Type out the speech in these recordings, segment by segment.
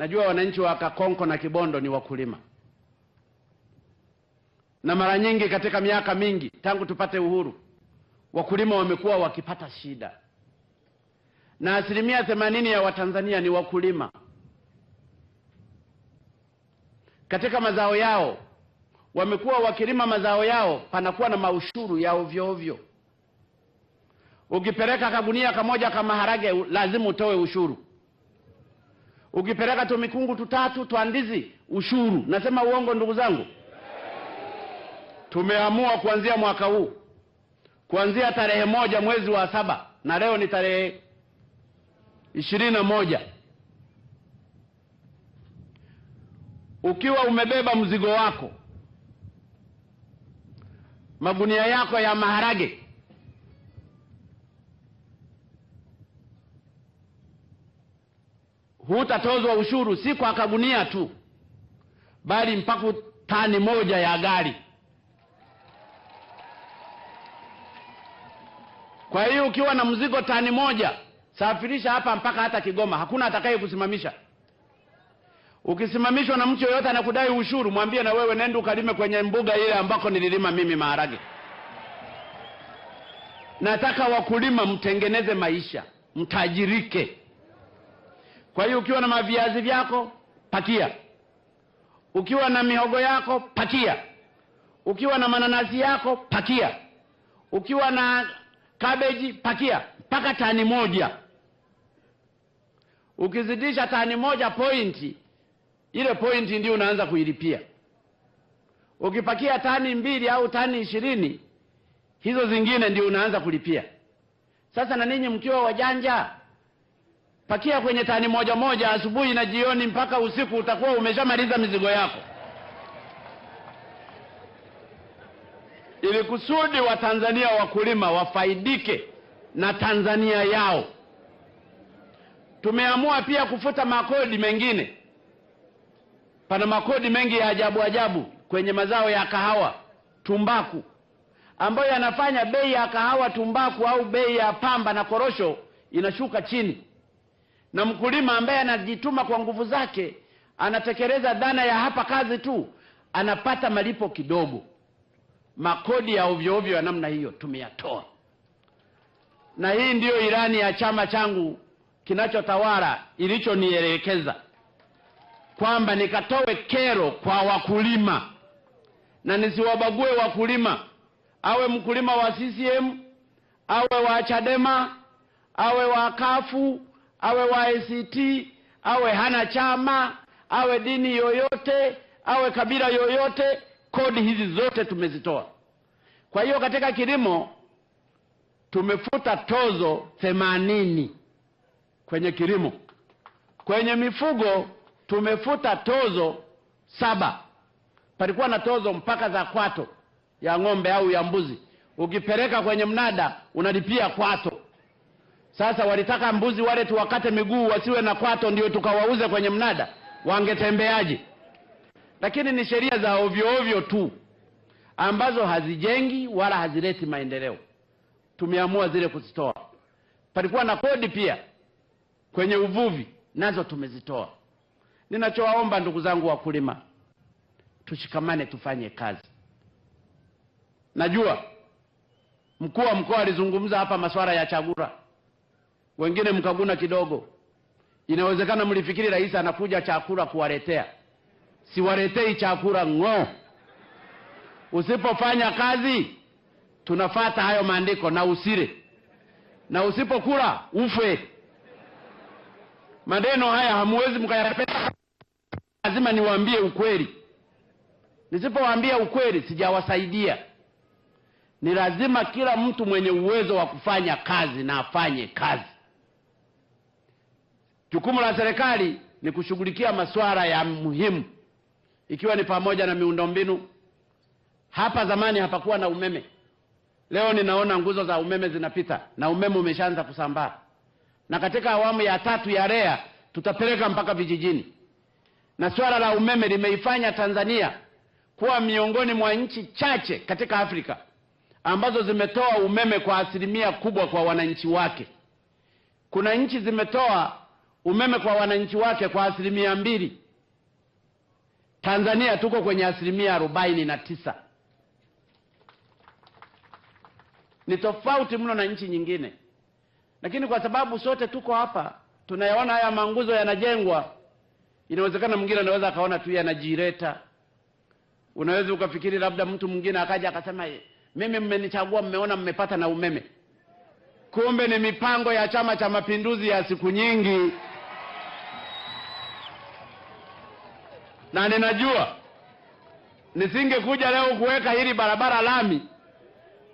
Najua wananchi wa Kakonko na Kibondo ni wakulima, na mara nyingi katika miaka mingi tangu tupate uhuru wakulima wamekuwa wakipata shida, na asilimia themanini ya Watanzania ni wakulima. Katika mazao yao wamekuwa wakilima mazao yao, panakuwa na maushuru ya ovyo ovyo. Ukipeleka kagunia kamoja kama harage lazima utoe ushuru ukipeleka tu mikungu tutatu twa ndizi ushuru. Nasema uongo ndugu zangu? Tumeamua kuanzia mwaka huu, kuanzia tarehe moja mwezi wa saba na leo ni tarehe ishirini na moja ukiwa umebeba mzigo wako magunia yako ya maharage hutatozwa ushuru si kwa kagunia tu, bali mpaka tani moja ya gari. Kwa hiyo ukiwa na mzigo tani moja, safirisha hapa mpaka hata Kigoma, hakuna atakaye kusimamisha. Ukisimamishwa na mtu yoyote anakudai ushuru, mwambie na wewe nenda ukalime kwenye mbuga ile ambako nililima mimi maharage. Nataka wakulima mtengeneze maisha, mtajirike. Kwa hiyo ukiwa na maviazi vyako patia, ukiwa na mihogo yako patia, ukiwa na mananasi yako patia, ukiwa na kabeji patia, mpaka tani moja. Ukizidisha tani moja pointi, ile pointi ndio unaanza kuilipia. Ukipakia tani mbili au tani ishirini, hizo zingine ndio unaanza kulipia. Sasa na ninyi mkiwa wajanja pakia kwenye tani moja moja asubuhi na jioni mpaka usiku, utakuwa umeshamaliza mizigo yako, ili kusudi Watanzania wakulima wafaidike na Tanzania yao. Tumeamua pia kufuta makodi mengine. Pana makodi mengi ya ajabu ajabu kwenye mazao ya kahawa, tumbaku, ambayo yanafanya bei ya kahawa, tumbaku au bei ya pamba na korosho inashuka chini na mkulima ambaye anajituma kwa nguvu zake anatekeleza dhana ya hapa kazi tu, anapata malipo kidogo. Makodi ya ovyo ovyo ya namna hiyo tumeyatoa, na hii ndiyo ilani ya chama changu kinachotawala ilichonielekeza kwamba nikatoe kero kwa wakulima na nisiwabague wakulima, awe mkulima wa CCM, awe wa Chadema, awe wa kafu awe wa ACT, awe hana chama, awe dini yoyote, awe kabila yoyote, kodi hizi zote tumezitoa. Kwa hiyo katika kilimo tumefuta tozo themanini kwenye kilimo. Kwenye mifugo tumefuta tozo saba. Palikuwa na tozo mpaka za kwato ya ng'ombe au ya mbuzi, ukipeleka kwenye mnada unalipia kwato. Sasa walitaka mbuzi wale tuwakate miguu wasiwe na kwato, ndio tukawauze kwenye mnada, wangetembeaje? Lakini ni sheria za ovyo ovyo tu ambazo hazijengi wala hazileti maendeleo. Tumeamua zile kuzitoa. Palikuwa na kodi pia kwenye uvuvi, nazo tumezitoa. Ninachowaomba ndugu zangu wakulima, tushikamane, tufanye kazi. Najua mkuu wa mkoa alizungumza hapa masuala ya chakula wengine mkaguna kidogo. Inawezekana mlifikiri rais anakuja chakula kuwaletea. Siwaletei chakula ng'o. Usipofanya kazi, tunafata hayo maandiko, na usile, na usipokula ufe. Maneno haya hamuwezi mkayapenda, lazima niwaambie ukweli. Nisipowaambia ukweli, sijawasaidia. Ni lazima kila mtu mwenye uwezo wa kufanya kazi na afanye kazi. Jukumu la serikali ni kushughulikia masuala ya muhimu, ikiwa ni pamoja na miundombinu. Hapa zamani hapakuwa na umeme, leo ninaona nguzo za umeme zinapita na umeme umeshaanza kusambaa, na katika awamu ya tatu ya REA tutapeleka mpaka vijijini, na suala la umeme limeifanya Tanzania kuwa miongoni mwa nchi chache katika Afrika ambazo zimetoa umeme kwa asilimia kubwa kwa wananchi wake. Kuna nchi zimetoa umeme kwa wananchi wake kwa asilimia mbili. Tanzania tuko kwenye asilimia arobaini na tisa. Ni tofauti mno na nchi nyingine, lakini kwa sababu sote tuko hapa tunayaona haya manguzo yanajengwa. Inawezekana mwingine anaweza akaona tu yanajireta. Unaweza ukafikiri labda mtu mwingine akaja akasema eh, mimi mmenichagua, mmeona mmepata na umeme, kumbe ni mipango ya Chama cha Mapinduzi ya siku nyingi. na ninajua nisingekuja leo kuweka hili barabara lami,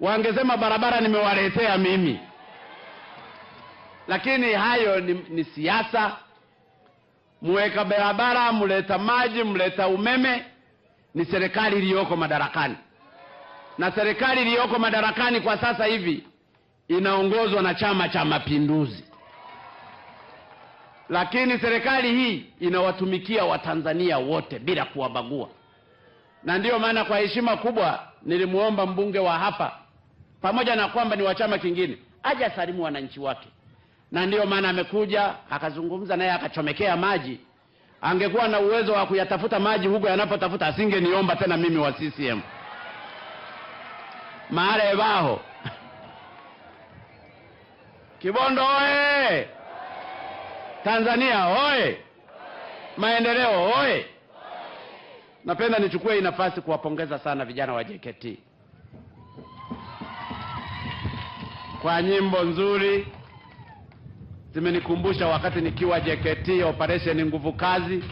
wangesema barabara nimewaletea mimi. Lakini hayo ni, ni siasa. Mweka barabara, mleta maji, mleta umeme ni serikali iliyoko madarakani, na serikali iliyoko madarakani kwa sasa hivi inaongozwa na Chama cha Mapinduzi lakini serikali hii inawatumikia Watanzania wote bila kuwabagua, na ndiyo maana kwa heshima kubwa nilimwomba mbunge wa hapa, pamoja na kwamba ni wa chama kingine, aje asalimu wananchi wake, na ndiyo maana amekuja akazungumza naye akachomekea maji. Angekuwa na uwezo wa kuyatafuta maji huko yanapotafuta, asingeniomba tena mimi wa CCM Mare baho Kibondo oye! Tanzania hoye! Maendeleo hoye! Napenda nichukue hii nafasi kuwapongeza sana vijana wa JKT kwa nyimbo nzuri, zimenikumbusha wakati nikiwa JKT operation nguvu kazi.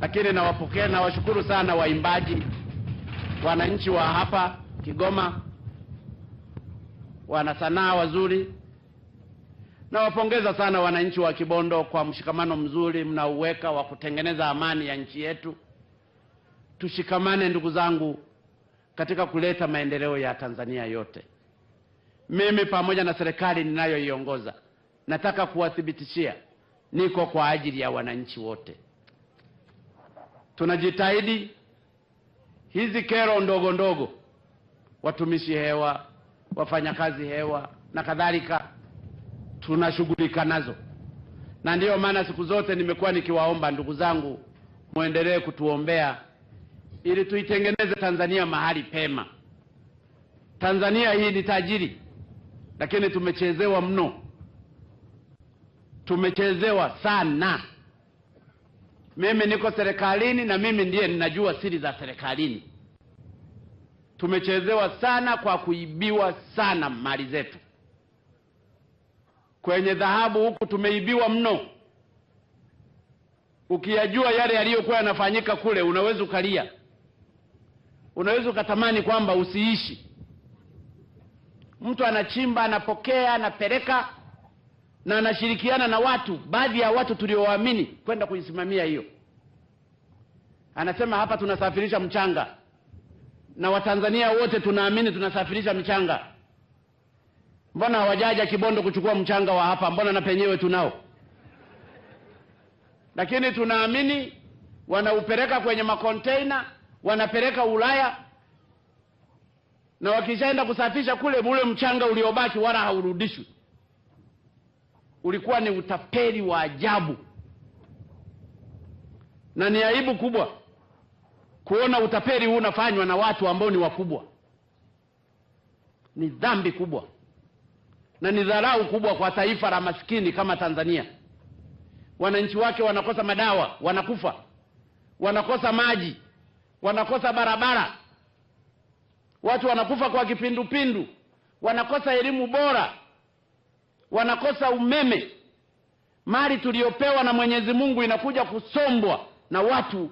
Lakini nawapokea, nawashukuru sana waimbaji, wananchi wa hapa Kigoma, wana sanaa wazuri. Nawapongeza sana wananchi wa Kibondo kwa mshikamano mzuri mnauweka wa kutengeneza amani ya nchi yetu. Tushikamane ndugu zangu, katika kuleta maendeleo ya Tanzania yote. Mimi pamoja na serikali ninayoiongoza, nataka kuwathibitishia niko kwa ajili ya wananchi wote. Tunajitahidi hizi kero ndogo ndogo, watumishi hewa, wafanyakazi hewa na kadhalika tunashughulika nazo, na ndiyo maana siku zote nimekuwa nikiwaomba ndugu zangu, mwendelee kutuombea ili tuitengeneze Tanzania mahali pema. Tanzania hii ni tajiri, lakini tumechezewa mno, tumechezewa sana. Mimi niko serikalini na mimi ndiye ninajua siri za serikalini. Tumechezewa sana kwa kuibiwa sana mali zetu kwenye dhahabu huku tumeibiwa mno. Ukiyajua yale yaliyokuwa yanafanyika kule, unaweza ukalia, unaweza ukatamani kwamba usiishi. Mtu anachimba, anapokea, anapeleka na anashirikiana na watu, baadhi ya watu tuliowaamini kwenda kuisimamia hiyo. Anasema hapa tunasafirisha mchanga, na Watanzania wote tunaamini tunasafirisha mchanga Mbona hawajaja Kibondo kuchukua mchanga wa hapa? Mbona na penyewe tunao, lakini tunaamini wanaupeleka kwenye makonteina, wanapeleka Ulaya, na wakishaenda kusafisha kule, ule mchanga uliobaki wala haurudishwi. Ulikuwa ni utapeli wa ajabu, na ni aibu kubwa kuona utapeli huu unafanywa na watu ambao ni wakubwa. Ni dhambi kubwa na ni dharau kubwa kwa taifa la maskini kama Tanzania. Wananchi wake wanakosa madawa, wanakufa, wanakosa maji, wanakosa barabara, watu wanakufa kwa kipindupindu, wanakosa elimu bora, wanakosa umeme. Mali tuliyopewa na Mwenyezi Mungu inakuja kusombwa na watu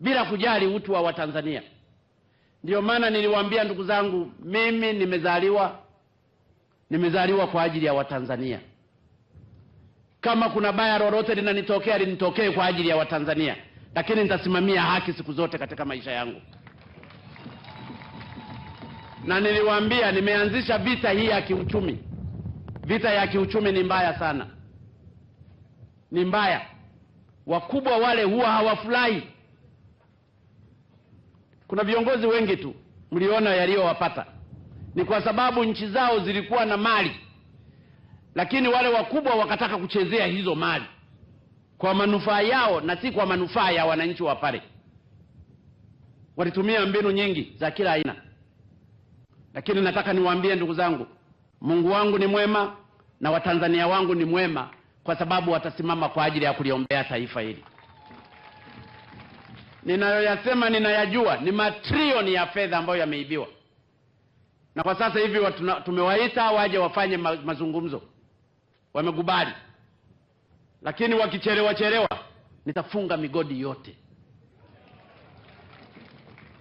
bila kujali utu wa Watanzania. Ndiyo maana niliwaambia ndugu zangu, mimi nimezaliwa Nimezaliwa kwa ajili ya Watanzania. Kama kuna baya lolote linanitokea linitokee kwa ajili ya Watanzania, lakini nitasimamia haki siku zote katika maisha yangu. Na niliwaambia nimeanzisha vita hii ya kiuchumi. Vita ya kiuchumi ni mbaya sana, ni mbaya. Wakubwa wale huwa hawafurahi. Kuna viongozi wengi tu mliona yaliyowapata ni kwa sababu nchi zao zilikuwa na mali, lakini wale wakubwa wakataka kuchezea hizo mali kwa manufaa yao na si kwa manufaa ya wananchi wa pale. Walitumia mbinu nyingi za kila aina, lakini nataka niwaambie ndugu zangu, Mungu wangu ni mwema na Watanzania wangu ni mwema, kwa sababu watasimama kwa ajili ya kuliombea taifa hili. Ninayoyasema ninayajua, ni matrioni ya fedha ambayo yameibiwa na kwa sasa hivi tumewaita waje wafanye mazungumzo, wamekubali, lakini wakichelewa chelewa nitafunga migodi yote.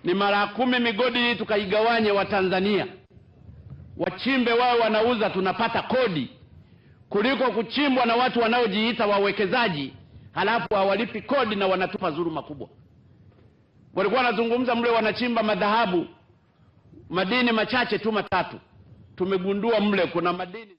Ni mara kumi migodi hii tukaigawanye, Watanzania wachimbe wao, wanauza tunapata kodi, kuliko kuchimbwa na watu wanaojiita wawekezaji halafu hawalipi kodi na wanatupa dhuluma kubwa. Walikuwa wanazungumza mle, wanachimba madhahabu madini machache tu matatu tumegundua mle kuna madini